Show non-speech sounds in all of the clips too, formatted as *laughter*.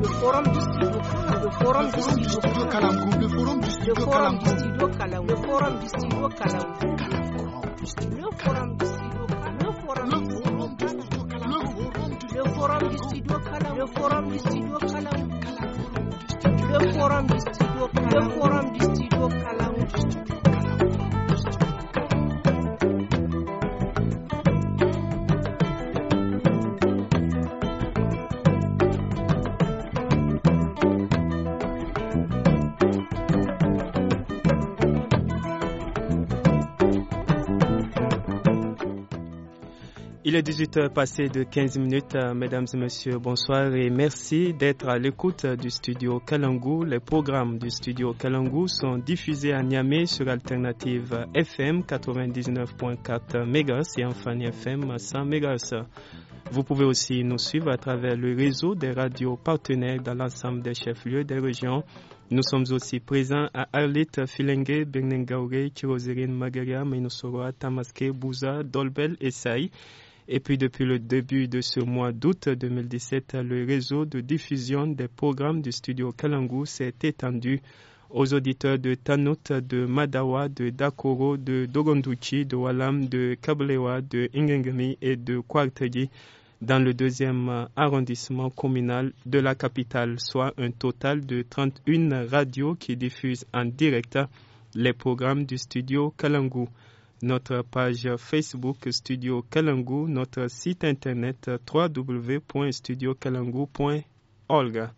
le forum du studio Kalam, le forum du studio Kalam, le forum du studio Kalam, le forum du studio Kalam, le forum du studio Kalam, le forum du studio Kalam, le forum du studio Kalam, le forum du studio Kalam, le forum du studio Kalam, le forum du studio Kalam, le forum du studio Kalam, Il est 18h passé de 15 minutes. Euh, mesdames et messieurs, bonsoir et merci d'être à l'écoute du studio Kalangou. Les programmes du studio Kalangou sont diffusés à Niamey sur Alternative FM 99.4 MHz et enfin FM 100 MHz. Vous pouvez aussi nous suivre à travers le réseau des radios partenaires dans l'ensemble des chefs-lieux des régions. Nous sommes aussi présents à Arlit, Filengue, Benengaure, Kirozerine, Magaria, Minosoroa, Tamaske, Bouza, Dolbel et Saï. Et puis depuis le début de ce mois d'août 2017, le réseau de diffusion des programmes du studio Kalangu s'est étendu aux auditeurs de Tanout, de Madawa, de Dakoro, de Dogonduchi, de Walam, de Kabalewa, de Ingengemi et de Kwartegi dans le deuxième arrondissement communal de la capitale, soit un total de 31 radios qui diffusent en direct les programmes du studio Kalangu notre page Facebook Studio Kalangu, notre site internet www.studiokalangu.org.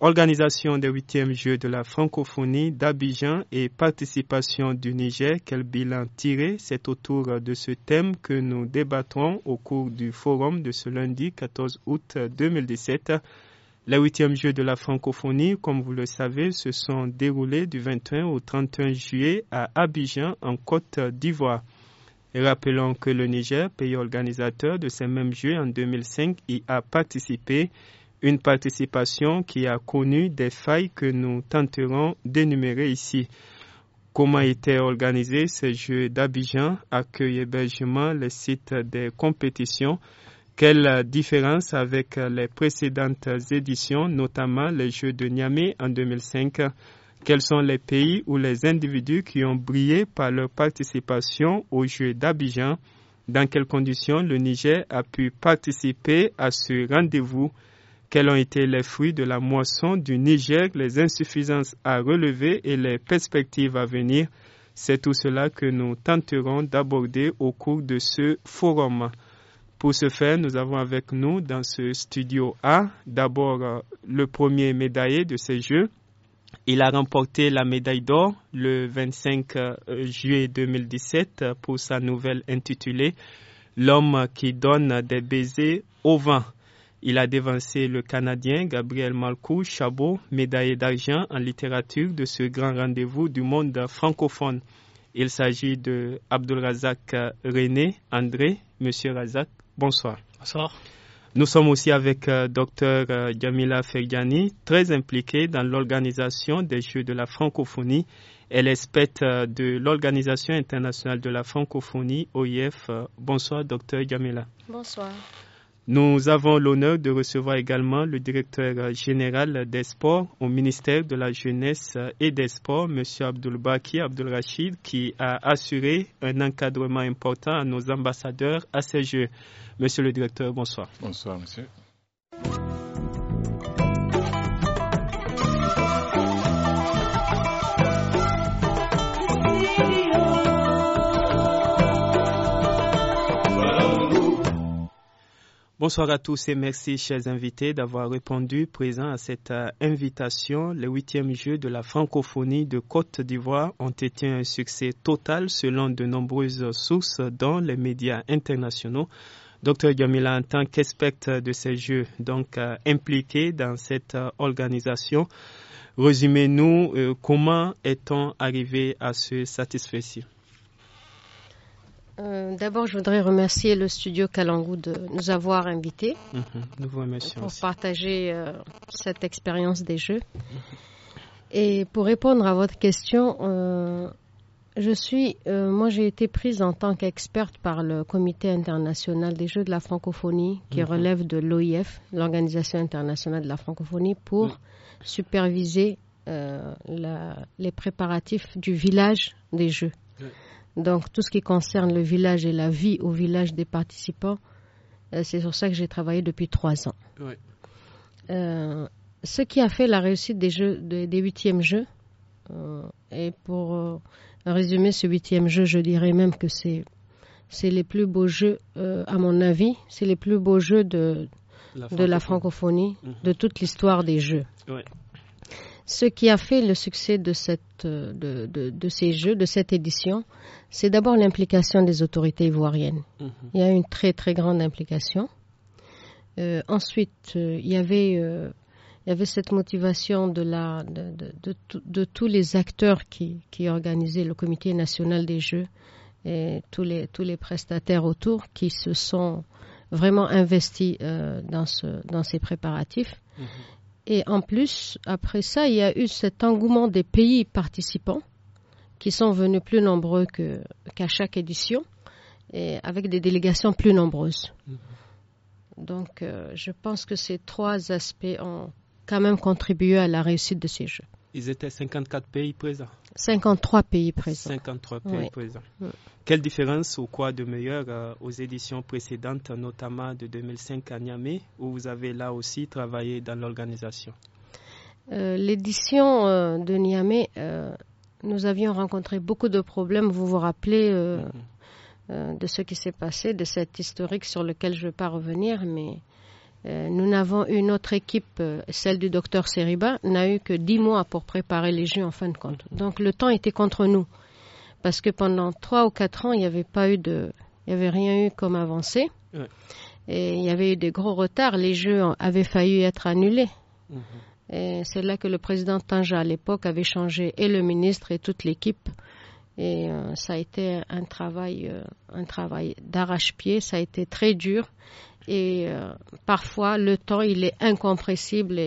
Organisation des huitièmes Jeux de la francophonie d'Abidjan et participation du Niger, quel bilan tirer C'est autour de ce thème que nous débattrons au cours du forum de ce lundi 14 août 2017 les huitièmes Jeux de la francophonie, comme vous le savez, se sont déroulés du 21 au 31 juillet à Abidjan, en Côte d'Ivoire. Rappelons que le Niger, pays organisateur de ces mêmes Jeux en 2005, y a participé, une participation qui a connu des failles que nous tenterons d'énumérer ici. Comment étaient organisés ces Jeux d'Abidjan, accueil hébergement, le site des compétitions, quelle différence avec les précédentes éditions, notamment les Jeux de Niamey en 2005 Quels sont les pays ou les individus qui ont brillé par leur participation aux Jeux d'Abidjan Dans quelles conditions le Niger a pu participer à ce rendez-vous Quels ont été les fruits de la moisson du Niger, les insuffisances à relever et les perspectives à venir c'est tout cela que nous tenterons d'aborder au cours de ce forum. Pour ce faire, nous avons avec nous dans ce studio A d'abord euh, le premier médaillé de ces Jeux. Il a remporté la médaille d'or le 25 euh, juillet 2017 euh, pour sa nouvelle intitulée L'homme qui donne des baisers au vent. Il a dévancé le Canadien Gabriel Malcou Chabot, médaillé d'argent en littérature de ce grand rendez-vous du monde francophone. Il s'agit de Razak, René André. Monsieur Razak, Bonsoir. Bonsoir. Nous sommes aussi avec euh, Docteur Dr euh, Jamila Ferjani, très impliquée dans l'organisation des Jeux de la francophonie. et est euh, de l'Organisation internationale de la francophonie, OIF. Bonsoir, Dr Jamila. Bonsoir. Nous avons l'honneur de recevoir également le directeur général des sports au ministère de la Jeunesse et des Sports, M. Abdulbaki Rachid, qui a assuré un encadrement important à nos ambassadeurs à ces Jeux. Monsieur le directeur, bonsoir. Bonsoir, monsieur. Bonsoir à tous et merci, chers invités, d'avoir répondu présent à cette euh, invitation. Les huitièmes Jeux de la francophonie de Côte d'Ivoire ont été un succès total selon de nombreuses sources dans les médias internationaux. Docteur Yamila, en tant qu'expert de ces Jeux, donc euh, impliqué dans cette euh, organisation, résumez-nous comment est-on arrivé à se satisfaire euh, d'abord, je voudrais remercier le studio Kalangou de nous avoir invités mhm. pour partager euh, cette expérience des jeux. Et pour répondre à votre question, euh, je suis, moi, j'ai été prise en tant qu'experte par le Comité international des jeux de la francophonie, qui mhm. relève de l'OIF, l'Organisation internationale de la francophonie, pour mhm. superviser les préparatifs du village des jeux. Donc tout ce qui concerne le village et la vie au village des participants, euh, c'est sur ça que j'ai travaillé depuis trois ans. Euh, ce qui a fait la réussite des jeux des, huitièmes jeux, euh, et pour résumer ce huitième jeu, je dirais même que c'est c'est les plus beaux jeux, à mon avis, c'est les plus beaux jeux de la francophonie, mhm. de toute l'histoire des jeux ce qui a fait le succès de, ces Jeux, de cette édition, c'est d'abord l'implication des autorités ivoiriennes. Mhm. Il y a une très très grande implication. Euh, ensuite, euh, euh, il, y avait, cette motivation de, tous les acteurs qui, organisaient le comité national des Jeux et tous les, tous les prestataires autour qui se sont vraiment investis dans, ces préparatifs. Mhm. Et en plus, après ça, il y a eu cet engouement des pays participants qui sont venus plus nombreux qu'à chaque édition et avec des délégations plus nombreuses. Mm-hmm. Donc, euh, je pense que ces trois aspects ont quand même contribué à la réussite de ces Jeux. Ils étaient 54 pays présents. 53 pays présents. 53 pays présents. Mm. Quelle différence ou quoi de meilleur euh, aux éditions précédentes, notamment de 2005 à Niamey, où vous avez là aussi travaillé dans l'organisation euh, L'édition euh, de Niamey, nous avions rencontré beaucoup de problèmes. Vous vous rappelez mm-hmm. de ce qui s'est passé, de cet historique sur lequel je ne vais pas revenir, mais nous n'avons eu notre équipe, celle du docteur Seriba, n'a eu que dix mois pour préparer les Jeux en fin de compte. Mm-hmm. Donc le temps était contre nous parce que pendant trois ou quatre ans, il n'y avait pas eu de, il avait rien eu comme avancé. Et il y avait eu des gros retards. Les jeux avaient failli être annulés. Mhm. Et c'est là que le président Tanja, à l'époque, avait changé et le ministre et toute l'équipe. Et euh, ça a été un travail, euh, un travail d'arrache-pied. Ça a été très dur. Et euh, parfois, le temps, il est incompressible.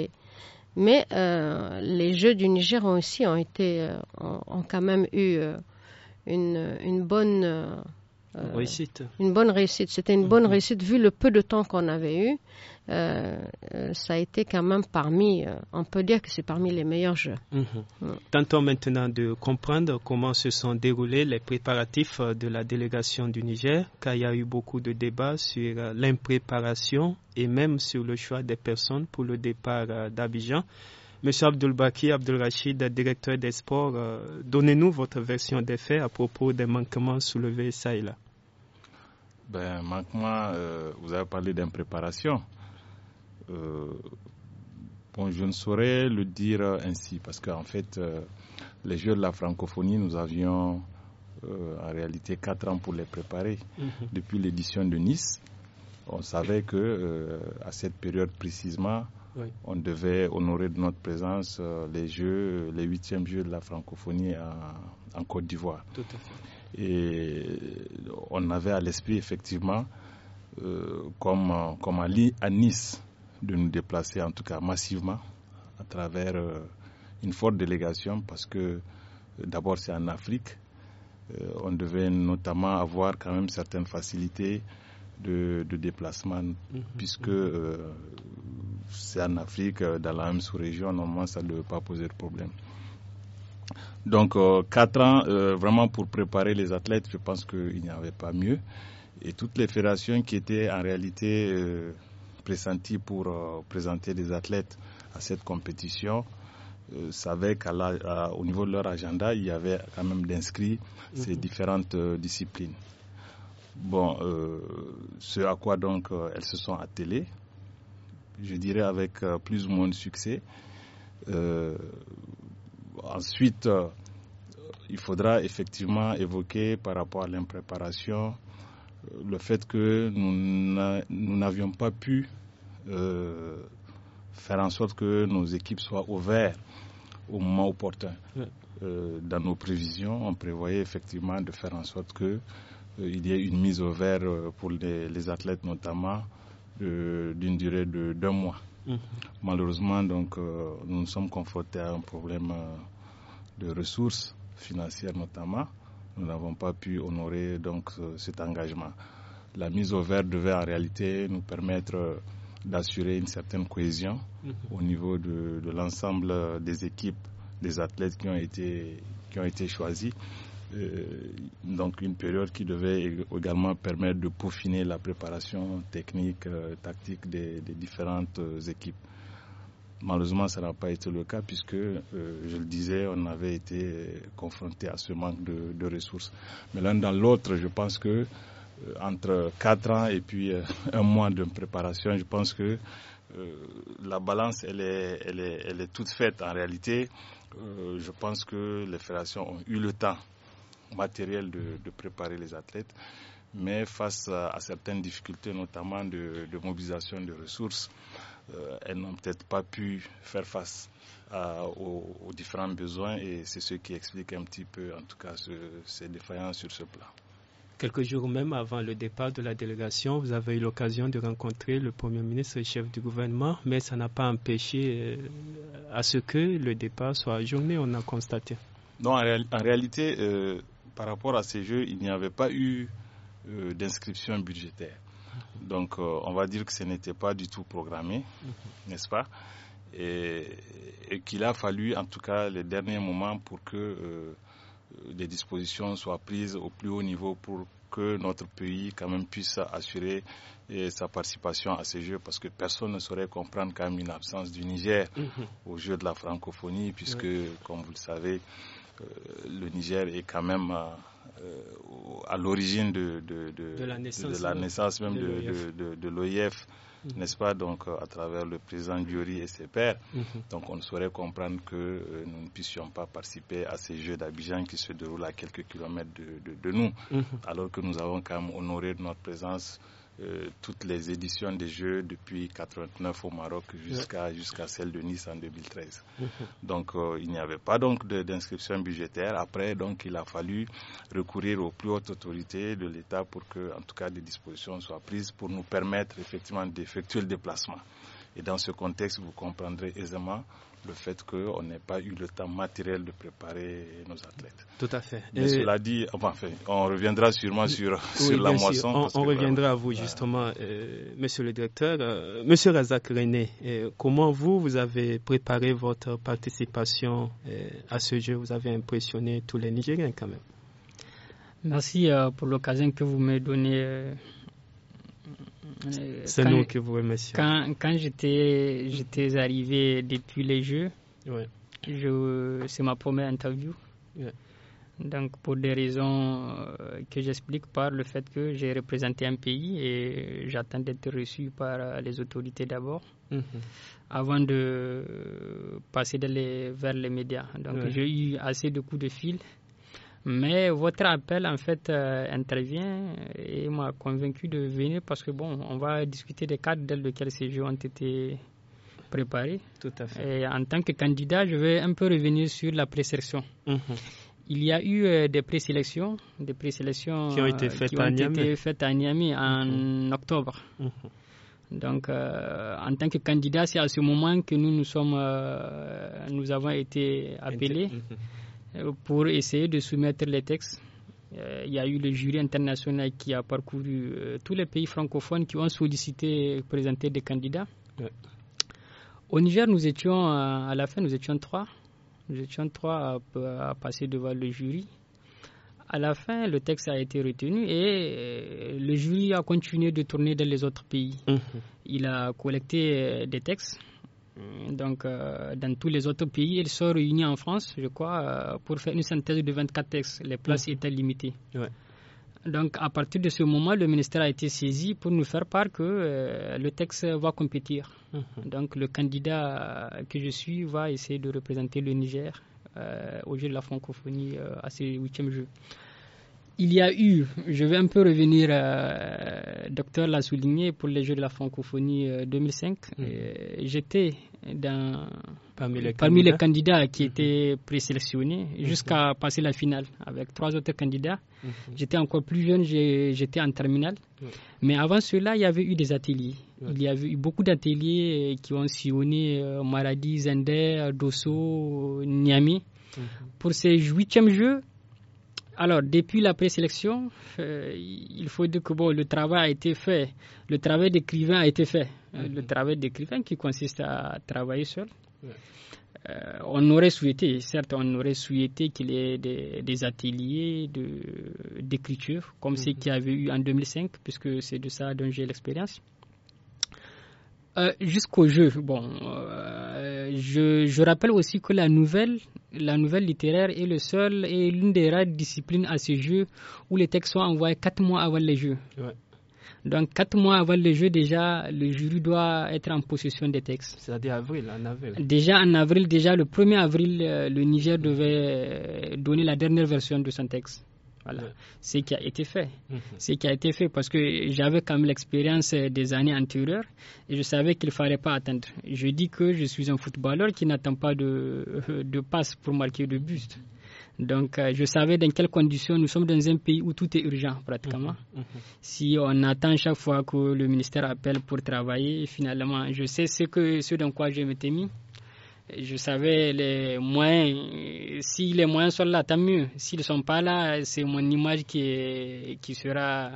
Mais les Jeux du Niger ont aussi ont été, ont quand même eu une, une bonne euh, euh, réussite. Une bonne réussite. C'était une bonne mhm. réussite vu le peu de temps qu'on avait eu. Euh, ça a été quand même parmi, on peut dire que c'est parmi les meilleurs jeux. Mhm. Tentons maintenant de comprendre comment se sont déroulés les préparatifs de la délégation du Niger, car il y a eu beaucoup de débats sur l'impréparation et même sur le choix des personnes pour le départ d'Abidjan. Monsieur Abdelbaki Rachid, directeur des sports, euh, donnez-nous votre version des faits à propos des manquements soulevés ça et là. Ben, manquement, euh, vous avez parlé d'impréparation. Euh, bon, je ne saurais le dire ainsi parce qu'en fait, les Jeux de la francophonie, nous avions en réalité quatre ans pour les préparer. Mhm. Depuis l'édition de Nice, on savait que à cette période précisément, on devait honorer de notre présence euh, les Jeux, les huitièmes Jeux de la francophonie en, Côte d'Ivoire. Et on avait à l'esprit effectivement, euh, comme, comme à, Nice, de nous déplacer en tout cas massivement à travers euh, une forte délégation parce que d'abord c'est en Afrique. on devait notamment avoir quand même certaines facilités de, déplacement mhm. puisque mhm c'est en Afrique, euh, dans la même sous-région, normalement ça ne devait pas poser de problème. Donc euh, quatre ans euh, vraiment pour préparer les athlètes, je pense qu'il n'y avait pas mieux. Et toutes les fédérations qui étaient en réalité pressenties pour présenter des athlètes à cette compétition savaient qu'au niveau de leur agenda, il y avait quand même d'inscrits ces mhm. différentes disciplines. Bon, ce à quoi donc elles se sont attelées, je dirais avec euh, plus ou moins de succès. Euh, ensuite, euh, il faudra effectivement évoquer par rapport à l'impréparation le fait que nous n'avions pas pu faire en sorte que nos équipes soient ouvertes au moment opportun. dans nos prévisions, on prévoyait effectivement de faire en sorte qu'il y ait une mise au vert pour les athlètes notamment d'une durée de deux mois. Mmh. Malheureusement, donc, euh, nous nous sommes confrontés à un problème euh, de ressources financières notamment. Nous n'avons pas pu honorer donc cet engagement. La mise au vert devait en réalité nous permettre euh, d'assurer une certaine cohésion mmh. au niveau de, l'ensemble des équipes, des athlètes qui ont été, qui ont été choisis. Euh, donc une période qui devait également permettre de peaufiner la préparation technique, euh, tactique des, différentes euh, équipes. Malheureusement, ça n'a pas été le cas puisque, je le disais, on avait été confronté à ce manque de, ressources. Mais l'un dans l'autre, je pense que entre quatre ans et puis *laughs* un mois de préparation, je pense que la balance, elle est, elle, est, elle est toute faite en réalité. je pense que les fédérations ont eu le temps matériel de, préparer les athlètes. Mais face à, certaines difficultés, notamment de, mobilisation de ressources, euh, elles n'ont peut-être pas pu faire face aux, différents besoins et c'est ce qui explique un petit peu, en tout cas, ces défaillances sur ce plan. Quelques jours même avant le départ de la délégation, vous avez eu l'occasion de rencontrer le Premier ministre et chef du gouvernement, mais ça n'a pas empêché euh, à ce que le départ soit ajourné, on a constaté. Non, en, réalité, euh, par rapport à ces jeux, il n'y avait pas eu euh, d'inscription budgétaire. Donc, euh, on va dire que ce n'était pas du tout programmé, mhm. n'est-ce pas Et, qu'il a fallu, en tout cas, les derniers moments pour que euh, des dispositions soient prises au plus haut niveau pour que notre pays, quand même, puisse assurer eh, sa participation à ces Jeux, parce que personne ne saurait comprendre quand même une absence du Niger mhm. au aux Jeux de la francophonie, puisque, comme vous le savez, euh, le Niger est quand même euh, euh, à l'origine de, la naissance même de, l'OIF, mhm. n'est-ce pas, donc à travers le président Diori et ses pères? Mhm. Donc on ne saurait comprendre que nous ne puissions pas participer à ces Jeux d'Abidjan qui se déroulent à quelques kilomètres de, nous, mhm. alors que nous avons quand même honoré notre présence euh, toutes les éditions des Jeux depuis 89 au Maroc jusqu'à jusqu'à celle de Nice en 2013. *laughs* Donc euh, il n'y avait pas donc d'inscription budgétaire. Après donc il a fallu recourir aux plus hautes autorités de l'État pour que en tout cas des dispositions soient prises pour nous permettre effectivement d'effectuer le déplacement. Et dans ce contexte, vous comprendrez aisément le fait qu'on n'ait pas eu le temps matériel de préparer nos athlètes. Tout à fait. Mais cela dit, enfin, on reviendra sûrement sur, *laughs* sur la moisson. On, reviendra à vous justement, euh, monsieur le directeur. Euh, monsieur Razak René, euh, comment vous, vous avez préparé votre participation euh, à ce jeu Vous avez impressionné tous les Nigériens quand même. Merci pour l'occasion que vous me donnez euh, c'est nous que vous aimez. Quand, j'étais arrivé depuis les Jeux, c'est ma première interview. Donc, pour des raisons euh, que j'explique par le fait que j'ai représenté un pays et j'attends d'être reçu par euh, les autorités d'abord, mm-hmm. avant de passer vers les médias. Donc, j'ai eu assez de coups de fil mais votre appel, en fait, euh, intervient et m'a convaincu de venir parce que, bon, on va discuter des cadres dans lesquels ces jeux ont été préparés. Tout à fait. en tant que candidat, je vais un peu revenir sur la présélection. Mhm. Il y a eu euh, des présélections, des présélections qui ont été euh, faites, à, Niamey en mhm. octobre. Mhm. Donc, en tant que candidat, c'est à ce moment que nous nous sommes, nous avons été appelés. Euh, pour essayer de soumettre les textes. Euh, il y a eu le jury international qui a parcouru euh, tous les pays francophones qui ont sollicité présenter des candidats. Au Niger, nous étions à la fin, nous étions trois. Nous étions trois à, passer devant le jury à la fin, le texte a été retenu et le jury a continué de tourner dans les autres pays. Mmh. Il a collecté des textes Mm, donc, euh, dans tous les autres pays, ils sont réunis en France, je crois, euh, pour faire une synthèse de 24 textes, les places mm. étaient limitées. Donc, à partir de ce moment, le ministère a été saisi pour nous faire part que euh, le texte va compétir. Mm-hmm. Donc, le candidat que je suis va essayer de représenter le Niger au jeu de la francophonie à ses huitième jeux il y a eu, je vais un peu revenir, euh, docteur l'a souligné, pour les Jeux de la francophonie 2005, euh, mmh. euh, j'étais dans, parmi, les, parmi candidats. les, candidats. qui mmh. étaient présélectionnés mmh. jusqu'à passer la finale avec trois autres candidats. J'étais encore plus jeune, j'étais en terminale. Mais avant cela, il y avait eu des ateliers. Il y avait eu beaucoup d'ateliers qui ont sillonné Maradi, Zender, Dosso, Niamey. Pour ces huitièmes Jeux, alors, depuis la présélection, euh, il faut dire que le travail a été fait. Le travail d'écrivain a été fait. Euh, le mhm. travail d'écrivain qui consiste à travailler seul. Euh, on aurait souhaité, certes, on aurait souhaité qu'il y ait des, ateliers d'écriture, comme ceux mhm. qu'il y avait eu en 2005, puisque c'est de ça dont j'ai l'expérience. Euh, jusqu'au jeu, bon, euh, je, je, rappelle aussi que la nouvelle, la nouvelle littéraire est le seul et l'une des rares disciplines à ce jeu où les textes sont envoyés quatre mois avant les jeux. Ouais. Donc, quatre mois avant le jeu, déjà, le jury doit être en possession des textes. C'est-à-dire avril, en avril. Déjà en avril, déjà le 1er avril, euh, le Niger devait donner la dernière version de son texte. Voilà. c'est Ce qui a été fait. C'est mhm. Ce qui a été fait parce que j'avais quand même l'expérience euh, des années antérieures et je savais qu'il ne fallait pas attendre. Je dis que je suis un footballeur qui n'attend pas de, *laughs* passe pour marquer le buste. Donc, euh, je savais dans quelles conditions nous sommes dans un pays où tout est urgent pratiquement. Mhm, mhm. Si on attend chaque fois que le ministère appelle pour travailler, finalement, je sais ce, que, ce dans quoi je m'étais mis je savais les moyens. Si les moyens sont là, tant mieux. S'ils ne sont pas là, c'est mon image qui, qui sera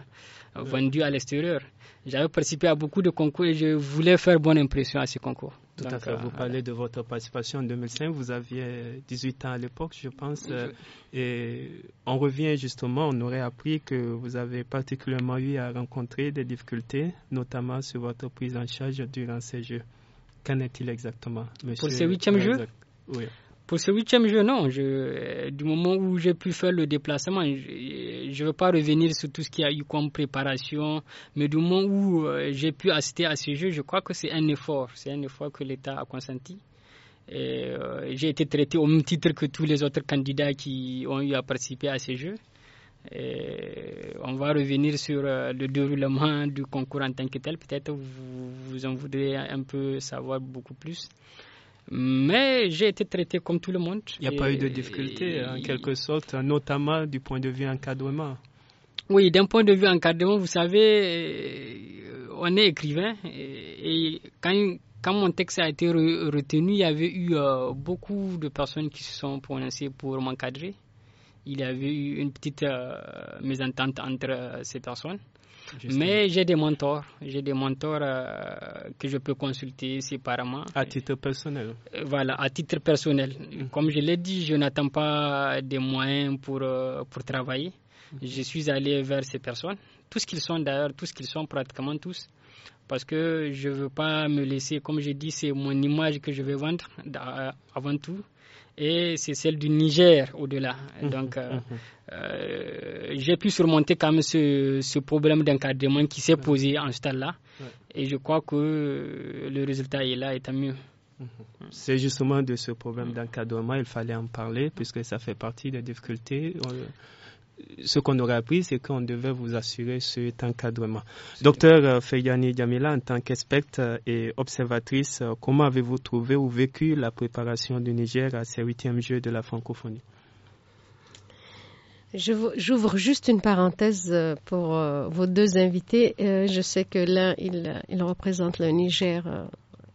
vendue à l'extérieur. J'avais participé à beaucoup de concours et je voulais faire bonne impression à ces concours. Tout à fait. Vous euh, parlez de votre participation en 2005. Vous aviez 18 ans à l'époque, je pense. Et on revient justement, on aurait appris que vous avez particulièrement eu à rencontrer des difficultés, notamment sur votre prise en charge durant ces Jeux. Qu'en est-il exactement, monsieur Pour ce huitième jeu oui. Pour ce huitième jeu, non. Je, euh, du moment où j'ai pu faire le déplacement, je ne veux pas revenir sur tout ce qu'il y a eu comme préparation, mais du moment où euh, j'ai pu assister à ce jeu, je crois que c'est un effort. C'est un effort que l'État a consenti. Euh, j'ai été traité au même titre que tous les autres candidats qui ont eu à participer à ces jeux. on va revenir sur le déroulement du concours en tant que tel. Peut-être vous j'en voudrais un peu savoir beaucoup plus. Mais j'ai été traité comme tout le monde. Il n'y a pas eu de difficulté, en quelque sorte, notamment du point de vue encadrement. Oui, d'un point de vue encadrement, vous savez, euh, on est écrivain et, quand, mon texte a été retenu, il y avait eu euh, beaucoup de personnes qui se sont prononcées pour m'encadrer. Il y avait eu une petite euh, mésentente entre ces personnes. Mais j'ai des mentors, j'ai des mentors euh, que je peux consulter séparément. À titre personnel. Euh, voilà, à titre personnel. Mhm. Comme je l'ai dit, je n'attends pas des moyens pour, euh, pour travailler. Mhm. Je suis allé vers ces personnes, tous qu'ils sont d'ailleurs, tous qu'ils sont pratiquement tous. Parce que je ne veux pas me laisser, comme je dis, c'est mon image que je vais vendre avant tout et c'est celle du Niger au-delà. Mmh, mmh, Donc, euh, mmh. euh, j'ai pu surmonter quand même ce, ce problème d'encadrement qui s'est posé en ce temps-là. Et je crois que euh, le résultat est là et tant mieux. C'est justement de ce problème d'encadrement, il fallait en parler puisque ça fait partie des difficultés ce qu'on aurait appris, c'est qu'on devait vous assurer cet encadrement. Docteur euh, Fayani Djamila, en tant qu'experte euh, et observatrice, euh, comment avez-vous trouvé ou vécu la préparation du Niger à ces huitièmes Jeux de la francophonie J'ouvre juste une parenthèse pour vos deux invités. Je sais que l'un, il, il, représente le Niger,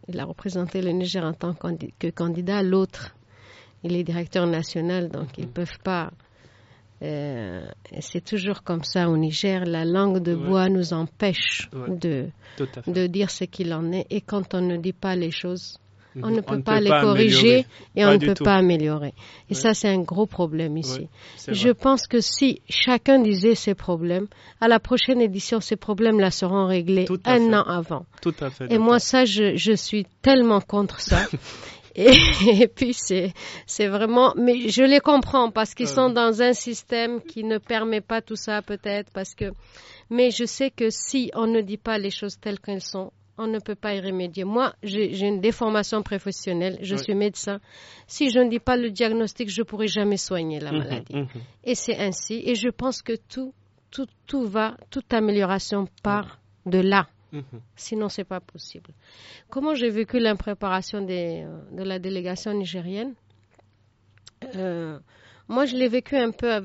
il a représenté le Niger en tant que candidat, l'autre, il est directeur national, donc ils ne mm. peuvent pas euh, c'est toujours comme ça au Niger, la langue de bois nous empêche de, de dire ce qu'il en est. Et quand on ne dit pas les choses, mhm. on ne peut pas, les corriger et on ne peut pas améliorer. Et ça, c'est un gros problème ici. Je pense que si chacun disait ses problèmes, à la prochaine édition, ces problèmes-là seront réglés un an avant. Et moi, ça, je suis tellement contre ça. *laughs* *laughs* Et, puis, c'est vraiment. Mais je les comprends parce qu'ils sont euh. dans un système qui ne permet pas tout ça, peut-être. parce que. Mais je sais que si on ne dit pas les choses telles qu'elles sont, on ne peut pas y remédier. Moi, j'ai une déformation professionnelle, je suis médecin. Si je ne dis pas le diagnostic, je ne pourrai jamais soigner la mmh, maladie. Mmh, mmh. Et c'est ainsi. Et je pense que tout, tout, tout va, toute amélioration part de là. Mhm. Sinon, ce n'est pas possible. Comment j'ai vécu l'impréparation euh, de la délégation nigérienne euh, Moi, je l'ai vécu un peu euh,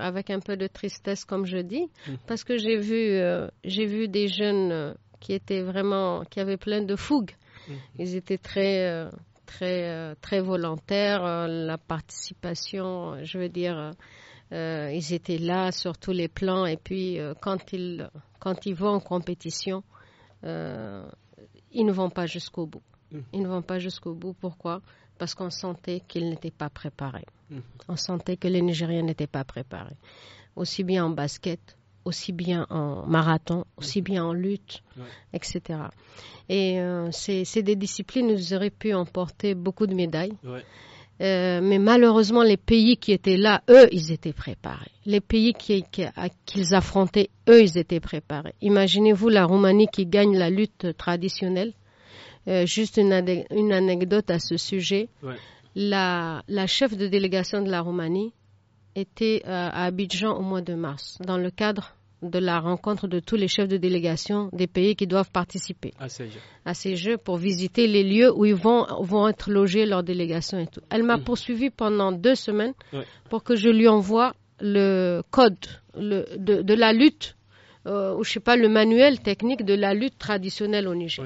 avec, un peu de tristesse, comme je dis, mhm. parce que j'ai vu, des jeunes qui étaient vraiment, qui avaient plein de fougue. Mhm. Ils étaient très, très, très volontaires. La participation, je veux dire. ils étaient là sur tous les plans et puis quand ils quand ils vont en compétition, euh, ils ne vont pas jusqu'au bout. Mm. Ils ne vont pas jusqu'au bout. Pourquoi Parce qu'on sentait qu'ils n'étaient pas préparés. Mm. On sentait que les Nigériens n'étaient pas préparés. Aussi bien en basket, aussi bien en marathon, mm. aussi bien en lutte, etc. Et euh, c'est des disciplines où ils auraient pu emporter beaucoup de médailles. Euh, mais malheureusement, les pays qui étaient là, eux, ils étaient préparés. Les pays qu'ils affrontaient, eux, ils étaient préparés. Imaginez-vous la Roumanie qui gagne la lutte traditionnelle. Euh, juste une, anecdote à ce sujet. La, la, chef de délégation de la Roumanie était euh, à Abidjan au mois de mars, dans le cadre de la rencontre de tous les chefs de délégation des pays qui doivent participer à ces jeux, pour visiter les lieux où ils vont, être logés, leurs délégations et tout. Elle m'a mm. poursuivi pendant deux semaines pour que je lui envoie le code de, la lutte, euh, ou je sais pas, le manuel technique de la lutte traditionnelle au Niger.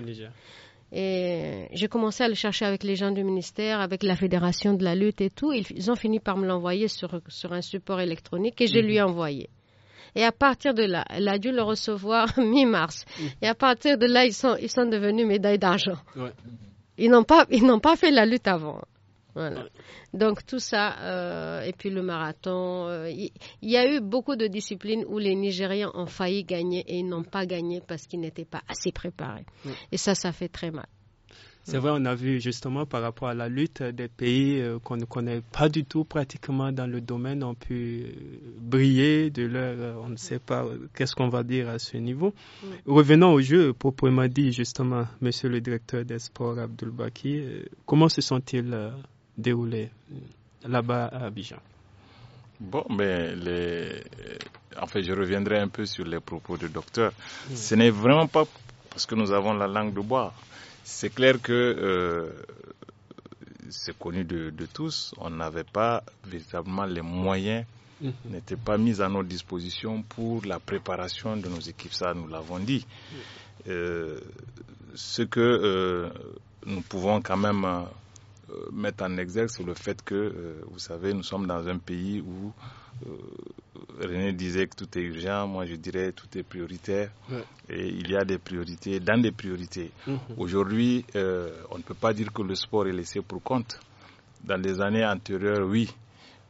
Et j'ai commencé à le chercher avec les gens du ministère, avec la fédération de la lutte et tout. Ils ont fini par me l'envoyer sur, un support électronique et je mm. lui ai envoyé. Et à partir de là, elle a dû le recevoir *laughs* mi-mars. Et à partir de là, ils sont, ils sont devenus médailles d'argent. Ils n'ont pas, ils n'ont pas fait la lutte avant. Donc tout ça, euh, et puis le marathon, euh, il y, a eu beaucoup de disciplines où les Nigériens ont failli gagner et n'ont pas gagné parce qu'ils n'étaient pas assez préparés. Et ça, ça fait très mal. C'est vrai, on a vu justement par rapport à la lutte des pays euh, qu'on ne connaît pas du tout pratiquement dans le domaine ont pu euh, briller de leur, euh, on ne sait pas qu'est-ce qu'on va dire à ce niveau. Mm. Revenons au jeu proprement dit justement, Monsieur le directeur des sports Abdul Baki, comment se sont-ils déroulés là-bas à Abidjan? Bon, mais ben, les... en fait, je reviendrai un peu sur les propos du docteur. Mm. Ce n'est vraiment pas parce que nous avons la langue de bois. C'est clair que euh, c'est connu de, de, tous, on n'avait pas véritablement les moyens mhm. n'étaient pas mis à notre disposition pour la préparation de nos équipes, ça nous l'avons dit. Mhm. Euh, ce que euh, nous pouvons quand même euh, mettre en exergue, c'est le fait que, euh, vous savez, nous sommes dans un pays où euh, René disait que tout est urgent, moi je dirais tout est prioritaire. Et il y a des priorités dans des priorités. Mhm. Aujourd'hui, euh, on ne peut pas dire que le sport est laissé pour compte. Dans les années antérieures, oui.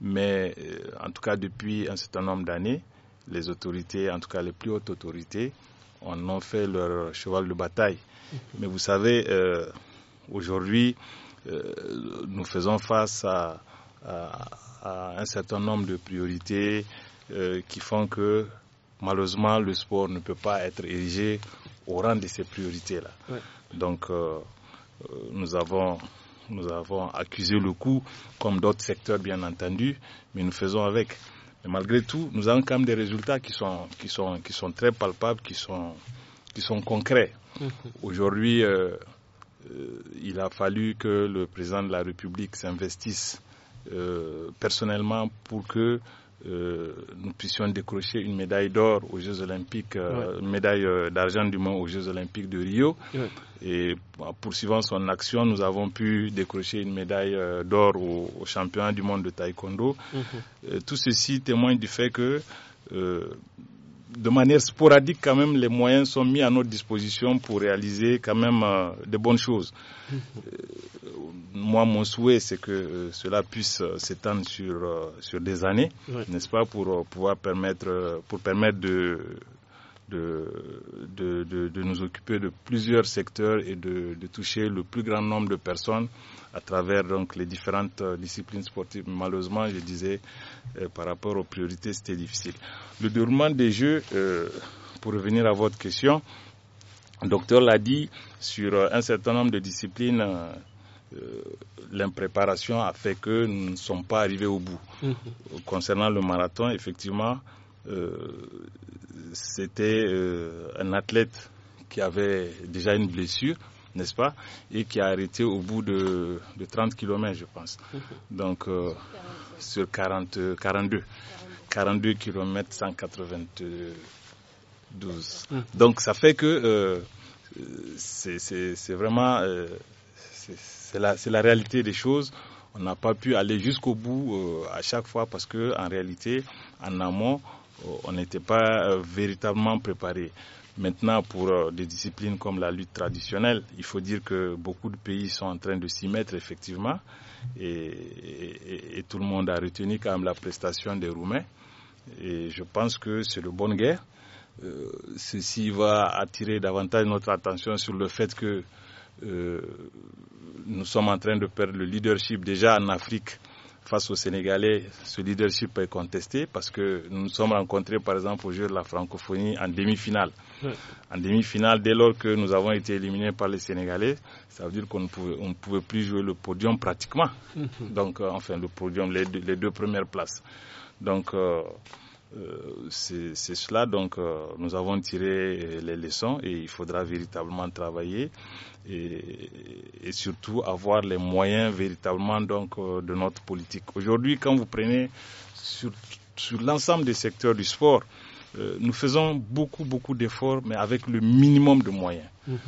Mais euh, en tout cas, depuis un certain nombre d'années, les autorités, en tout cas les plus hautes autorités, en ont fait leur cheval de bataille. Mhm. Mais vous savez, aujourd'hui, nous faisons face à à un certain nombre de priorités euh, qui font que malheureusement le sport ne peut pas être érigé au rang de ces priorités-là. Donc euh, euh, nous avons nous avons accusé le coup comme d'autres secteurs bien entendu, mais nous faisons avec. Mais malgré tout, nous avons quand même des résultats qui sont qui sont qui sont très palpables, qui sont qui sont concrets. Mm-hmm. Aujourd'hui, euh, il a fallu que le président de la République s'investisse euh, personnellement pour que euh, nous puissions décrocher une médaille d'or aux Jeux Olympiques, euh, une médaille d'argent du monde aux Jeux Olympiques de Rio. Et en bah, poursuivant son action, nous avons pu décrocher une médaille d'or aux champions du monde de taekwondo. Mm-hmm. tout ceci témoigne du fait que de manière sporadique, quand même, les moyens sont mis à notre disposition pour réaliser quand même euh, de bonnes choses. Euh, moi, mon souhait, c'est que euh, cela puisse s'étendre sur, des années, n'est-ce pas, pour pouvoir permettre, pour permettre de, de, de, de, nous occuper de plusieurs secteurs et de, toucher le plus grand nombre de personnes à travers donc les différentes euh, disciplines sportives. Malheureusement, je disais, euh, par rapport aux priorités, c'était difficile. Le déroulement des Jeux, euh, pour revenir à votre question, le docteur l'a dit, sur euh, un certain nombre de disciplines, l'impréparation a fait que nous ne sommes pas arrivés au bout. Mm-hmm. Concernant le marathon, effectivement, euh, c'était euh, un athlète qui avait déjà une blessure, n'est-ce pas, et qui a arrêté au bout de, 30 km, je pense. Mhm. Donc, euh, sur 40, 42. 42 km 192. Donc, ça fait que euh, c'est vraiment... c'est la, réalité des choses on n'a pas pu aller jusqu'au bout à chaque fois parce que en réalité, en amont, on n'était pas euh, véritablement préparé. Maintenant, pour euh, des disciplines comme la lutte traditionnelle, il faut dire que beaucoup de pays sont en train de s'y mettre, effectivement. Et, tout le monde a retenu quand même la prestation des Roumains. Et je pense que c'est le bonne guerre. Euh, ceci va attirer davantage notre attention sur le fait que nous sommes en train de perdre le leadership déjà en Afrique face aux Sénégalais, ce leadership est contesté parce que nous nous sommes rencontrés, par exemple, au jeu de la francophonie en demi-finale. En demi-finale, dès lors que nous avons été éliminés par les Sénégalais, ça veut dire qu'on ne pouvait, plus jouer le podium pratiquement. Mhm. Donc, euh, enfin, le podium, les deux, les premières places. Donc, euh, euh, c'est cela. Donc, euh, nous avons tiré les leçons et il faudra véritablement travailler et, surtout avoir les moyens véritablement donc euh, de notre politique. Aujourd'hui, quand vous prenez sur, l'ensemble des secteurs du sport, nous faisons beaucoup, beaucoup d'efforts, mais avec le minimum de moyens. Mm-hmm.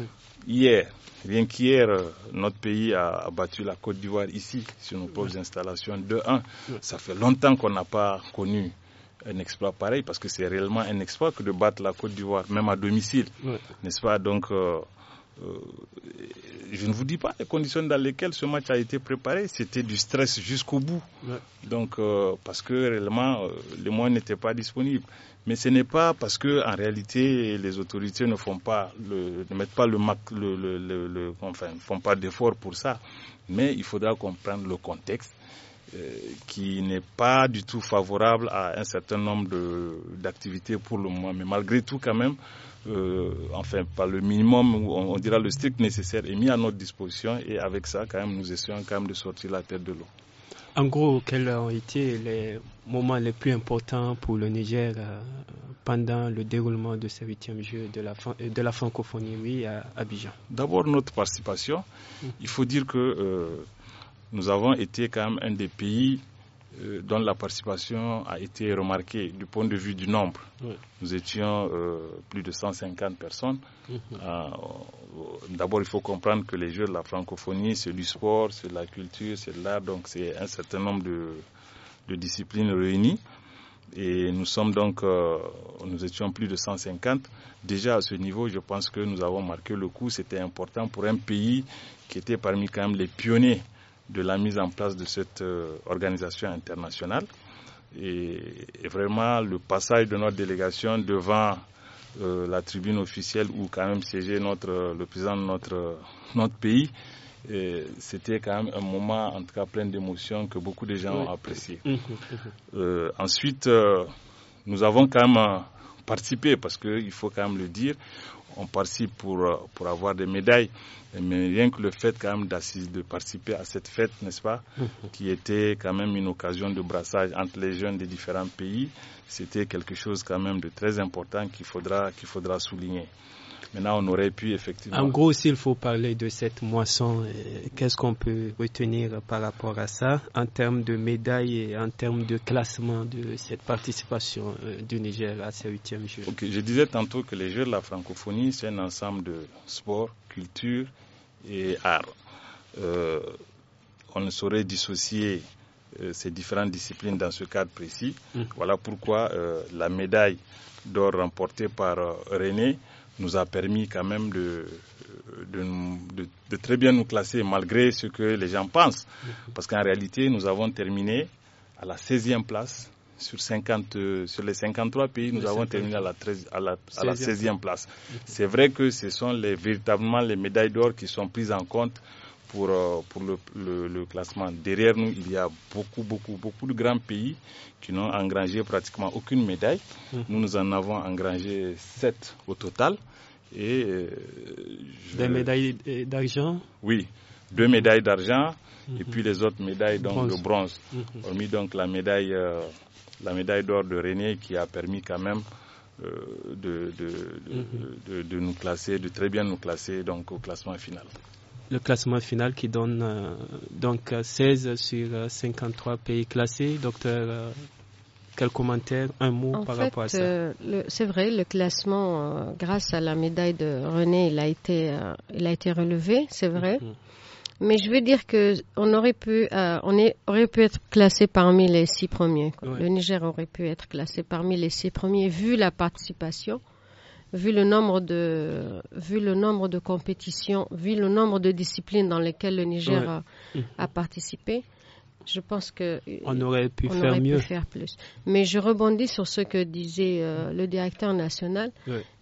Hier, rien qu'hier, notre pays a, battu la Côte d'Ivoire ici, sur nos propres installations 2-1. Ça fait longtemps qu'on n'a pas connu un exploit pareil, parce que c'est réellement un exploit que de battre la Côte d'Ivoire, même à domicile. N'est-ce pas Donc, euh, euh, je ne vous dis pas les conditions dans lesquelles ce match a été préparé. C'était du stress jusqu'au bout. Donc, euh, parce que réellement, les moyens n'étaient pas disponibles. Mais ce n'est pas parce que, en réalité, les autorités ne font pas, le, ne mettent pas le, le, le, le enfin, ne font pas d'efforts pour ça. Mais il faudra comprendre le contexte euh, qui n'est pas du tout favorable à un certain nombre d'activités pour le moment. Mais malgré tout, quand même, euh, enfin, par le minimum, on, on, dira le strict nécessaire est mis à notre disposition et avec ça, quand même, nous essayons quand même de sortir la tête de l'eau. En gros, quels ont été les moments les plus importants pour le Niger euh, pendant le déroulement de ce huitième jeu de la, de la francophonie à Abidjan D'abord, notre participation. Mm. Il faut dire que nous avons été quand même un des pays euh, dont la participation a été remarquée du point de vue du nombre. Nous étions euh, plus de 150 personnes. Mhm. Euh, d'abord, il faut comprendre que les Jeux de la francophonie, c'est du sport, c'est de la culture, c'est de l'art, donc c'est un certain nombre de, de, disciplines réunies. Et nous sommes donc, nous étions plus de 150. Déjà à ce niveau, je pense que nous avons marqué le coup. C'était important pour un pays qui était parmi quand même les pionniers de la mise en place de cette euh, organisation internationale. Et, vraiment, le passage de notre délégation devant euh, la tribune officielle où quand même siégeait notre, le président de notre, notre pays, c'était quand même un moment, en tout cas, plein d'émotions que beaucoup de gens ont apprécié. Mmh, mmh, mmh. Euh, ensuite, euh, nous avons quand même participé, parce qu'il faut quand même le dire, on participe pour, euh, pour avoir des médailles. Mais rien que le fait quand même de participer à cette fête, n'est-ce pas, mhm. qui était quand même une occasion de brassage entre les jeunes des différents pays, c'était quelque chose quand même de très important qu'il faudra, faudra souligner. Maintenant, on aurait pu effectivement. En gros, s'il faut parler de cette moisson, euh, qu'est-ce qu'on peut retenir par rapport à ça en termes de médailles et en termes de classement de cette participation euh, du Niger à ces huitièmes Jeux Je disais tantôt que les Jeux de la francophonie, c'est un ensemble de sport, culture et art. Euh, on ne saurait dissocier euh, ces différentes disciplines dans ce cadre précis. Mm. Voilà pourquoi euh, la médaille d'or remportée par euh, René nous a permis quand même de très bien nous classer malgré ce que les gens pensent. Mm-hmm. Parce qu'en réalité, nous avons terminé à la 16e place. Sur, sur les 53 pays, nous avons terminé à la, 13, 16e place. C'est vrai que ce sont véritablement les médailles d'or qui sont prises en compte pour, euh, pour le, le, classement. Derrière nous, il y a beaucoup, beaucoup, beaucoup de grands pays qui n'ont engrangé pratiquement aucune médaille. Hmm. Nous, nous en avons engrangé sept au total. Et, euh, Des médailles d'argent Oui, deux médailles d'argent et hmm. puis les autres médailles donc, de bronze. Hmm. Hormis donc la médaille, euh, médaille d'or de René qui a permis quand même de, de, de, de, nous classer, de très bien nous classer donc au classement final le classement final qui donne euh, donc 16 sur 53 euh, pays classés. Docteur, euh, quel commentaire, un mot par rapport à ça C'est vrai, le classement, grâce à la médaille de René, il a été, il a été relevé, c'est vrai. Mhm. Mais je veux dire que on aurait pu, on aurait pu être classé parmi les six premiers. Le Niger aurait pu être classé parmi les six premiers vu la participation vu le nombre de vu le nombre de compétitions, vu le nombre de disciplines dans lesquelles le Niger mm. a, participé, je pense que euh, on aurait pu, faire, mieux. faire plus. Mais je rebondis sur ce que disait euh, le directeur national.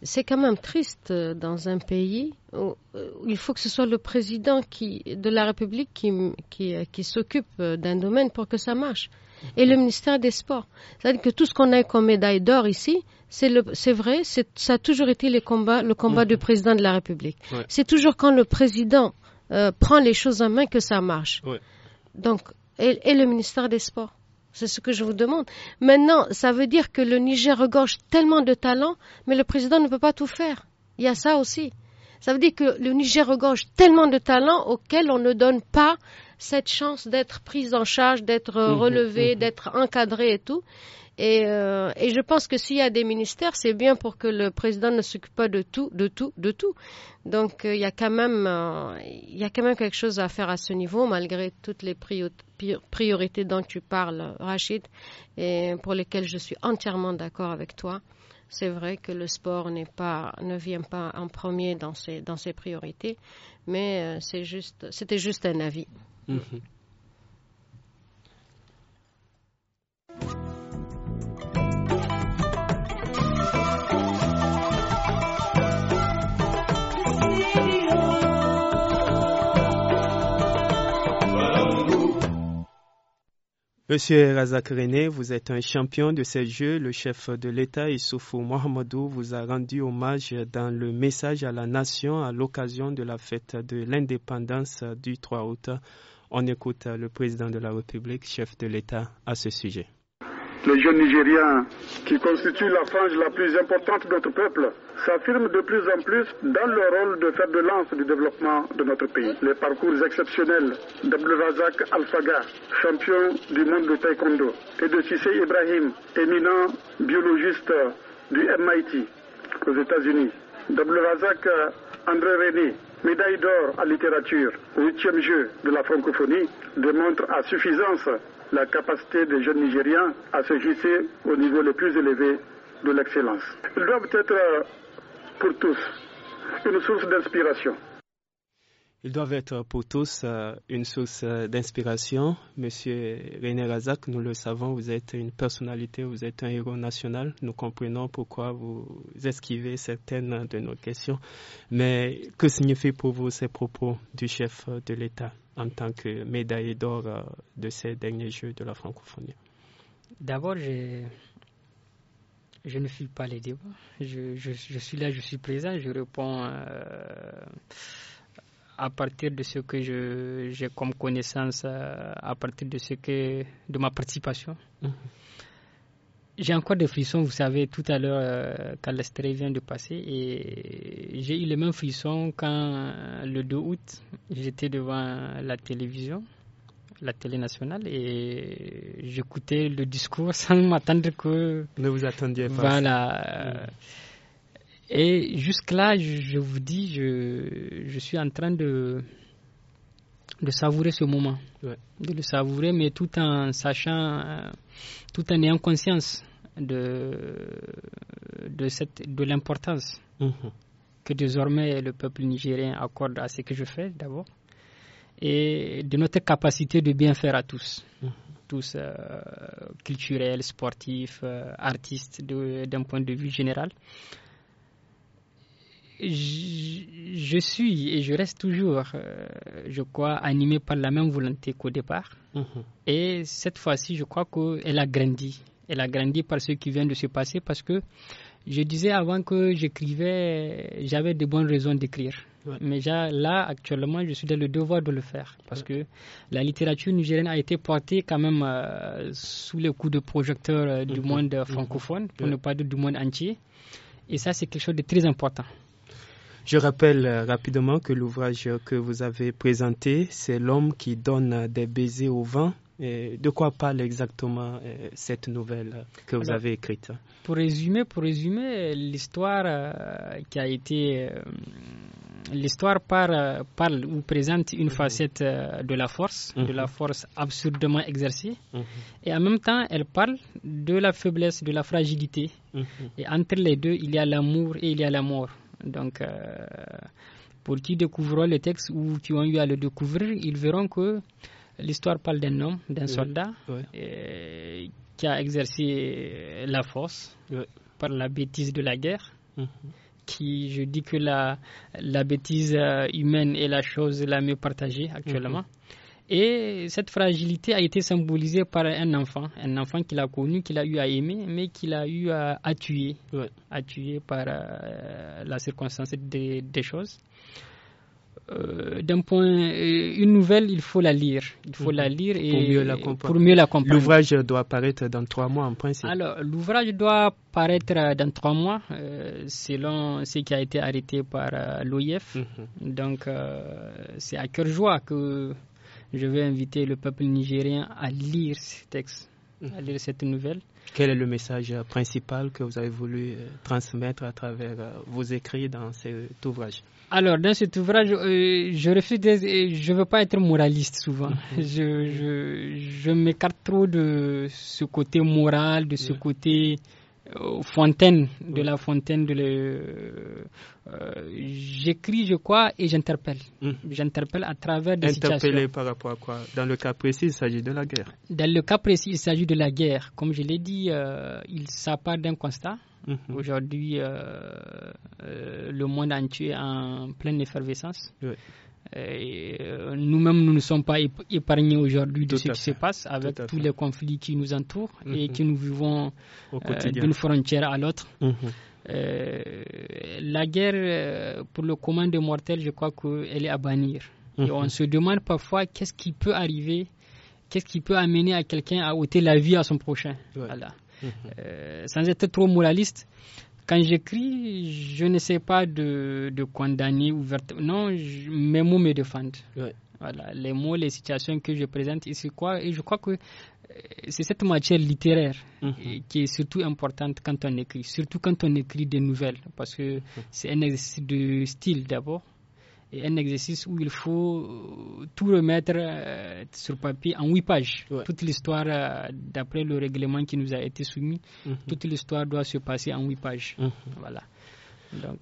C'est quand même triste euh, dans un pays où, il faut que ce soit le président de la République qui qui, qui s'occupe d'un domaine pour que ça marche. Et le ministère des Sports, c'est-à-dire que tout ce qu'on a comme médaille d'or ici, c'est vrai, ça a toujours été les combats, le combat du président de la République. C'est toujours quand le président euh, prend les choses en main que ça marche. Donc, et, le ministère des Sports. C'est ce que je vous demande. Maintenant, ça veut dire que le Niger regorge tellement de talents, mais le président ne peut pas tout faire. Il y a ça aussi. Ça veut dire que le Niger regorge tellement de talents auxquels on ne donne pas cette chance d'être prise en charge, d'être euh, mmh, mmh, relevé, mmh, d'être encadré et tout. Et, euh, et, je pense que s'il y a des ministères, c'est bien pour que le président ne s'occupe pas de tout, de tout, de tout. Donc euh, il y a quand même, euh, il y a quand même quelque chose à faire à ce niveau, malgré toutes les priorités dont tu parles, Rachid, et pour lesquelles je suis entièrement d'accord avec toi. C'est vrai que le sport n'est pas, ne vient pas en premier dans ses, dans ses priorités, mais c'est juste, c'était juste un avis. Mhm. Monsieur Razak René, vous êtes un champion de ces Jeux. Le chef de l'État, Issoufou Mohamedou, vous a rendu hommage dans le message à la nation à l'occasion de la fête de l'indépendance du 3 août. On écoute le président de la République, chef de l'État, à ce sujet les jeunes Nigériens, qui constituent la frange la plus importante de notre peuple, s'affirment de plus en plus dans leur rôle de fer de lance du développement de notre pays. Les parcours exceptionnels d'Abdelrazak Al-Faga, champion du monde de taekwondo, et de Sissé Ibrahim, éminent biologiste du MIT aux États-Unis, Wazak André René, médaille d'or à littérature au huitième jeu de la francophonie, démontrent à suffisance la capacité des jeunes Nigériens à se au niveau le plus élevé de l'excellence. Ils doivent être euh, pour tous une source d'inspiration. Ils doivent être pour tous euh, une source euh, d'inspiration. Monsieur René Razak, nous le savons, vous êtes une personnalité, vous êtes un héros national. Nous comprenons pourquoi vous esquivez certaines de nos questions. Mais que signifient pour vous ces propos du chef de l'État en tant que médaillé d'or euh, de ces derniers Jeux de la francophonie D'abord, je, ne file pas les débats. Je, suis là, je suis présent, je réponds à partir de ce que j'ai comme connaissance, euh, à partir de ce que de ma participation. Mmh. J'ai encore des frissons, vous savez, tout à l'heure, euh, quand l'Estrée vient de passer, et j'ai eu les mêmes frissons quand euh, le 2 août, j'étais devant la télévision, la télé nationale, et j'écoutais le discours *laughs* sans m'attendre que. Ne vous attendiez pas. Mmh. Et jusque-là, je vous dis, je, suis en train de, de savourer ce moment, de le savourer, mais tout en sachant, tout en ayant conscience de, de, cette, de l'importance mhm. que désormais le peuple nigérien accorde à ce que je fais d'abord et de notre capacité de bien faire à tous. Mhm. Tous euh, culturels, sportifs, euh, artistes d'un point de vue général je, suis et je reste toujours, euh, je crois, animé par la même volonté qu'au départ. Mhm. Et cette fois-ci, je crois qu'elle a grandi. Elle a grandi par ce qui vient de se passer parce que je disais avant que j'écrivais, j'avais de bonnes raisons d'écrire. Mais là, actuellement, je suis dans le devoir de le faire parce que la littérature nigérienne a été portée quand même euh, sous les coups de projecteur euh, du mhm. monde mhm. francophone, pour ne pas dire du monde entier. Et ça, c'est quelque chose de très important. Je rappelle euh, rapidement que l'ouvrage que vous avez présenté, c'est L'homme qui donne des baisers au vent. de quoi parle exactement euh, cette nouvelle que vous avez écrite Pour résumer, pour résumer, l'histoire euh, qui a été l'histoire parle, parle, ou présente une mhm. facette de la force, de la mhm. force absurdement exercée, mhm. et en même temps, elle parle de la faiblesse, de la fragilité. Et entre les deux, il y a l'amour et il y a la mort. Donc, euh, pour qui découvriront le texte ou qui ont eu à le découvrir, ils verront que l'histoire parle d'un homme, d'un soldat qui a exercé la force par la bêtise de la guerre. Mhm. qui, je dis que la, la bêtise euh, humaine est la chose la mieux partagée actuellement. Mhm. Et cette fragilité a été symbolisée par un enfant, un enfant qu'il a connu, qu'il a eu à aimer, mais qu'il a eu à, tuer, à tuer par euh, la circonstance des, choses. Euh, d'un point, euh, une nouvelle, il faut la lire. Il faut la mhm. lire et pour mieux la comprendre. L'ouvrage doit paraître dans trois mois en principe. Alors, l'ouvrage doit paraître dans trois mois, selon ce qui a été arrêté par l'OIF. Mhm. Donc, c'est à cœur joie que je vais inviter le peuple nigérien à lire ce texte, à lire mhm. cette nouvelle. Quel est le message principal que vous avez voulu euh, transmettre à travers euh, vos écrits dans cet ouvrage Alors, dans cet ouvrage, euh, je ne je veux pas être moraliste souvent. Mhm. *laughs* Je, je, m'écarte trop de ce côté moral, de ce côté Fontaine de la fontaine de le... Euh, j'écris, je crois, et j'interpelle. Hmm. J'interpelle à travers des Interpeller par rapport à quoi Dans le cas précis, il s'agit de la guerre. Dans le cas précis, il s'agit de la guerre. Comme je l'ai dit, euh, il s'appart d'un constat. Hmm. Aujourd'hui, euh, le monde entier en pleine effervescence. Euh, euh, nous-mêmes, nous ne sommes pas épargnés aujourd'hui de ce qui se passe avec tous les conflits qui nous entourent et mhm. que nous vivons euh, d'une frontière à l'autre. Mhm. la guerre, pour le commun des mortels, je crois qu'elle est à bannir. Et mhm. on se demande parfois qu'est-ce qui peut arriver, qu'est-ce qui peut amener à quelqu'un à ôter la vie à son prochain. Voilà. sans être trop moraliste, quand j'écris, je ne sais pas de, de condamner ouvertement. Non, je, mes mots me défendent. Voilà, les mots, les situations que je présente ici, quoi, et je crois que euh, c'est cette matière littéraire mhm. qui est surtout importante quand on écrit, surtout quand on écrit des nouvelles, parce que mhm. c'est un exercice de style d'abord, un exercice où il faut euh, tout remettre euh, sur papier en huit pages. Toute l'histoire, euh, d'après le règlement qui nous a été soumis, mhm. toute l'histoire doit se passer en huit pages. Mhm. Voilà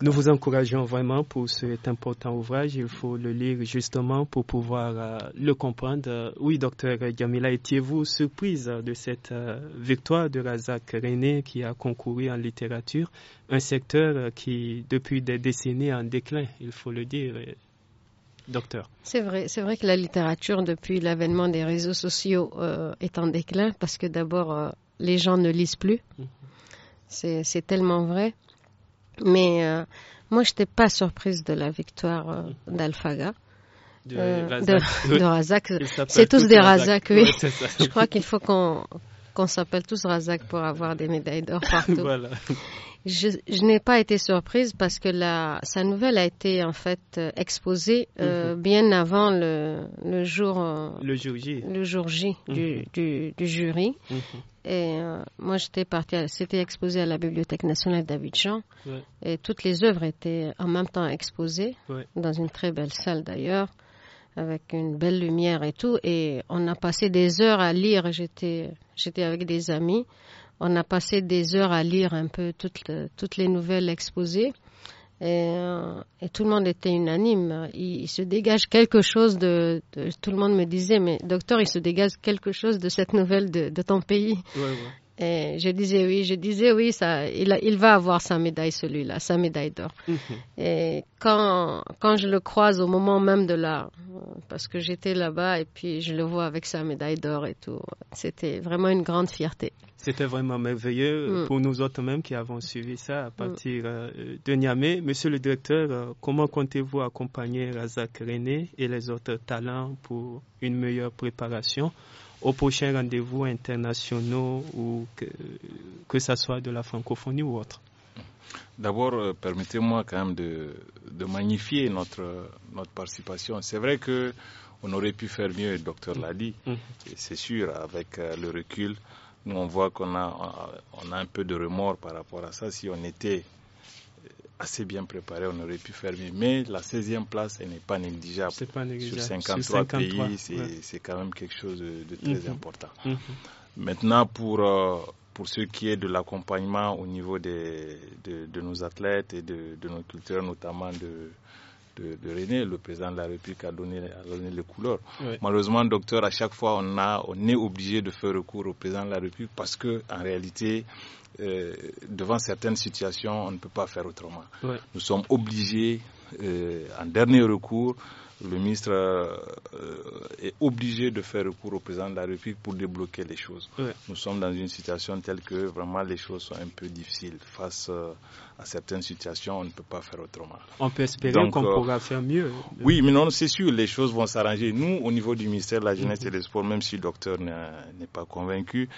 nous vous encourageons vraiment pour cet important ouvrage. Il faut le lire justement pour pouvoir euh, le comprendre. Euh, oui, docteur Gamila, étiez-vous surprise de cette euh, victoire de Razak René qui a concouru en littérature, un secteur qui, depuis des décennies, est en déclin, il faut le dire. Docteur. C'est vrai, c'est vrai que la littérature, depuis l'avènement des réseaux sociaux, est en déclin parce que d'abord, les gens ne lisent plus. Mm-hmm. C'est tellement vrai. Mais euh, moi, je n'étais pas surprise de la victoire euh, d'Alfaga. De, euh, Razak. C'est tous des Razak, oui. je crois qu'il faut qu'on qu'on s'appelle tous Razak pour avoir des médailles d'or *laughs* partout. Je, n'ai pas été surprise parce que la, sa nouvelle a été en fait euh, exposée euh, mhm. bien avant le, le jour euh, le jour J, du, mhm. jury. Mhm. Et moi, j'étais partie, c'était exposé à la Bibliothèque nationale d'Abidjan. Et toutes les œuvres étaient en même temps exposées dans une très belle salle d'ailleurs avec une belle lumière et tout. Et on a passé des heures à lire. J'étais, j'étais avec des amis. On a passé des heures à lire un peu toutes, toutes les nouvelles exposées. Et, euh, tout le monde était unanime. Il, se dégage quelque chose de, Tout le monde me disait, mais docteur, il se dégage quelque chose de cette nouvelle de, ton pays. Et je disais oui, je disais oui, ça, il, va avoir sa médaille celui-là, sa médaille d'or. Mhm. Et quand, quand je le croise au moment même de là, parce que j'étais là-bas et puis je le vois avec sa médaille d'or et tout, c'était vraiment une grande fierté. C'était vraiment merveilleux mm. pour nous autres même qui avons suivi ça à mm. partir euh, de Niamey. Monsieur le directeur, euh, comment comptez-vous accompagner Razak René et les autres talents pour une meilleure préparation aux prochain rendez-vous internationaux ou que, que ce soit de la francophonie ou autre D'abord, euh, permettez-moi quand même de, de, magnifier notre, notre participation. C'est vrai que on aurait pu faire mieux, le docteur l'a dit, mm-hmm. c'est sûr, avec euh, le recul. Nous, on voit qu'on a, on a un peu de remords par rapport à ça. Si on était assez bien préparé, on aurait pu faire mieux. Mais la 16e place, elle n'est pas négligeable. Pas négligeable. Sur, 53 pays, c'est quand même quelque chose de, très mhm. important. Mhm. Maintenant, pour, euh, pour ce qui est de l'accompagnement au niveau des, de, nos athlètes et de, de nos cultures notamment de, de, René, le président de la République a donné, les couleurs. Malheureusement, docteur, à chaque fois, on, a, on est obligé de faire recours au président de la République parce que, en réalité, euh, devant certaines situations, on ne peut pas faire autrement. Nous sommes obligés, euh, en dernier recours, le ministre euh, est obligé de faire recours au président de la République pour débloquer les choses. Nous sommes dans une situation telle que vraiment les choses sont un peu difficiles. Face euh, à certaines situations, on ne peut pas faire autrement. On peut espérer qu'on euh, pourra faire mieux. Oui, mais non, c'est sûr, les choses vont s'arranger. Nous, au niveau du ministère de la Jeunesse mhm. et des Sports, même si le docteur n'est pas convaincu,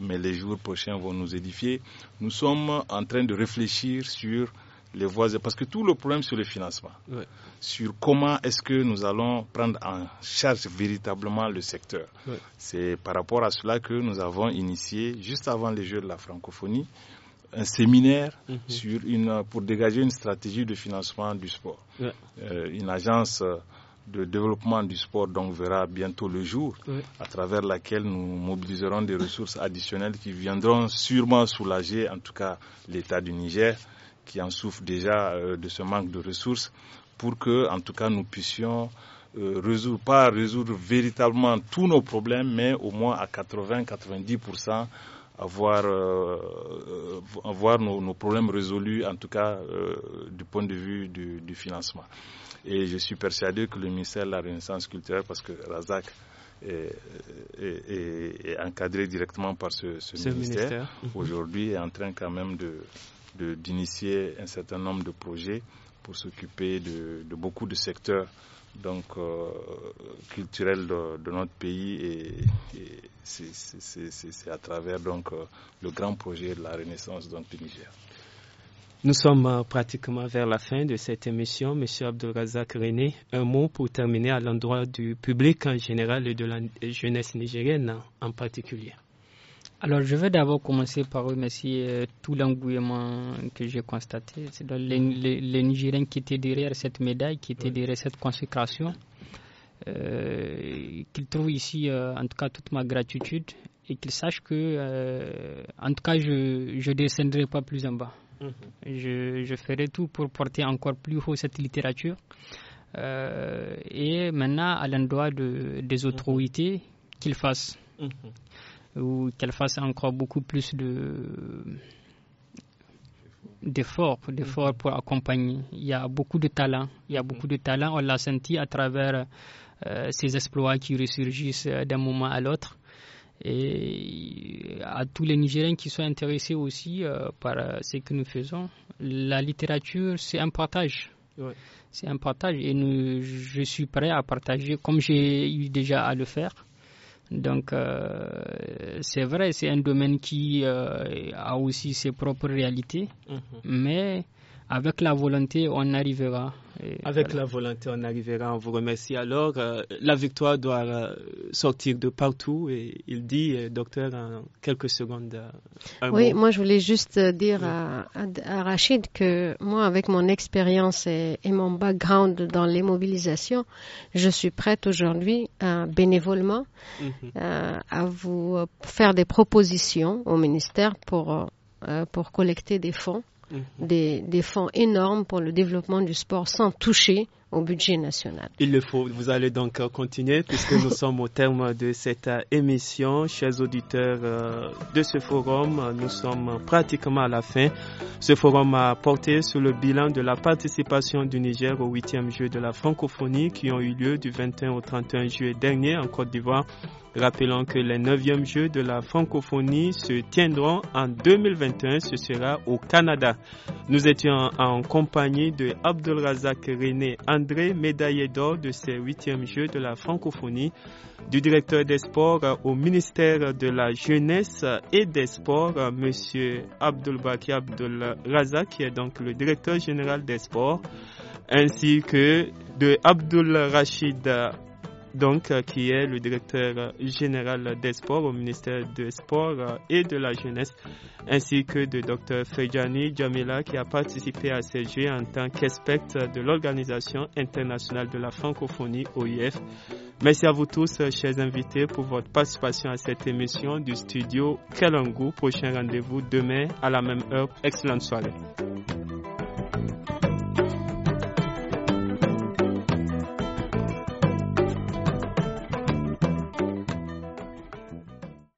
mais les jours prochains vont nous édifier. Nous sommes en train de réfléchir sur les parce que tout le problème sur le financement, sur comment est-ce que nous allons prendre en charge véritablement le secteur. C'est par rapport à cela que nous avons initié, juste avant les Jeux de la francophonie, un séminaire mhm. sur une, pour dégager une stratégie de financement du sport. Euh, une agence euh, de développement du sport donc verra bientôt le jour, à travers laquelle nous mobiliserons des ressources additionnelles qui viendront sûrement soulager en tout cas l'état du Niger qui en souffrent déjà euh, de ce manque de ressources pour que, en tout cas, nous puissions euh, résoudre, pas résoudre véritablement tous nos problèmes, mais au moins à 80-90% avoir, euh, avoir nos, problèmes résolus, en tout cas du point de vue du, financement. Et je suis persuadé que le ministère de la Renaissance culturelle, parce que Razak est, est, est, encadré directement par ce, ministère. aujourd'hui est en train quand même de, d'initier un certain nombre de projets pour s'occuper de, beaucoup de secteurs donc euh, culturels de, notre pays et, c'est à travers donc euh, le grand projet de la renaissance du Niger. Nous sommes euh, pratiquement vers la fin de cette émission. Monsieur Abdelrazak René, un mot pour terminer à l'endroit du public en général et de la jeunesse nigérienne en particulier. Alors, je vais d'abord commencer par remercier euh, tout l'engouement que j'ai constaté. C'est mm. les, Nigériens qui étaient derrière cette médaille, qui étaient derrière cette consécration, euh, qu'ils trouvent ici, euh, en tout cas, toute ma gratitude et qu'ils sache que, euh, en tout cas, je ne descendrai pas plus en bas. Mm-hmm. je, ferai tout pour porter encore plus haut cette littérature. et maintenant, à l'endroit de, des mm-hmm. autorités, qu'ils fassent. Mm-hmm ou qu'elle fasse encore beaucoup plus de d'efforts, d'efforts pour accompagner. Il y a beaucoup de talent, il y a beaucoup de talent. On l'a senti à travers euh, ces exploits qui ressurgissent euh, d'un moment à l'autre. Et euh, à tous les Nigériens qui sont intéressés aussi par ce que nous faisons, la littérature, c'est un partage. C'est un partage et nous, je suis prêt à partager, comme j'ai eu déjà à le faire, donc, euh, c'est vrai, c'est un domaine qui euh, a aussi ses propres réalités, mhm. mais avec la volonté, on arrivera avec la volonté, on arrivera. On vous remercie. Alors, euh, la victoire doit euh, sortir de partout. Et il dit, euh, docteur, en quelques secondes. oui, moi, je voulais juste dire à, Rachid que moi, avec mon expérience et, mon background dans les mobilisations, je suis prête aujourd'hui, bénévolement, mhm. à vous faire des propositions au ministère pour, pour collecter des fonds des, des fonds énormes pour le développement du sport sans toucher au budget national. Il le faut. Vous allez donc euh, continuer puisque nous *laughs* sommes au terme de cette euh, émission. Chers auditeurs euh, de ce forum, nous sommes pratiquement à la fin. Ce forum a porté sur le bilan de la participation du Niger au 8e jeu de la francophonie qui ont eu lieu du 21 au 31 juillet dernier en Côte d'Ivoire. Rappelons que les 9 jeux de la francophonie se tiendront en 2021, ce sera au Canada. Nous étions en compagnie de Abdelrazak René André, médaillé d'or de ces huitièmes Jeux de la francophonie, du directeur des sports au ministère de la Jeunesse et des Sports, M. Abdelbaki Abdel Raza, qui est donc le directeur général des sports, ainsi que de Abdul Rachid donc, euh, qui est le directeur euh, général des sports au ministère des Sports euh, et de la Jeunesse, ainsi que de Dr. Fejani Jamila, qui a participé à ces Jeux en tant qu'expert de l'Organisation internationale de la francophonie, OIF. Merci à vous tous, chers invités, pour votre participation à cette émission du studio Kalangu. Prochain rendez-vous demain à la même heure. Excellente soirée.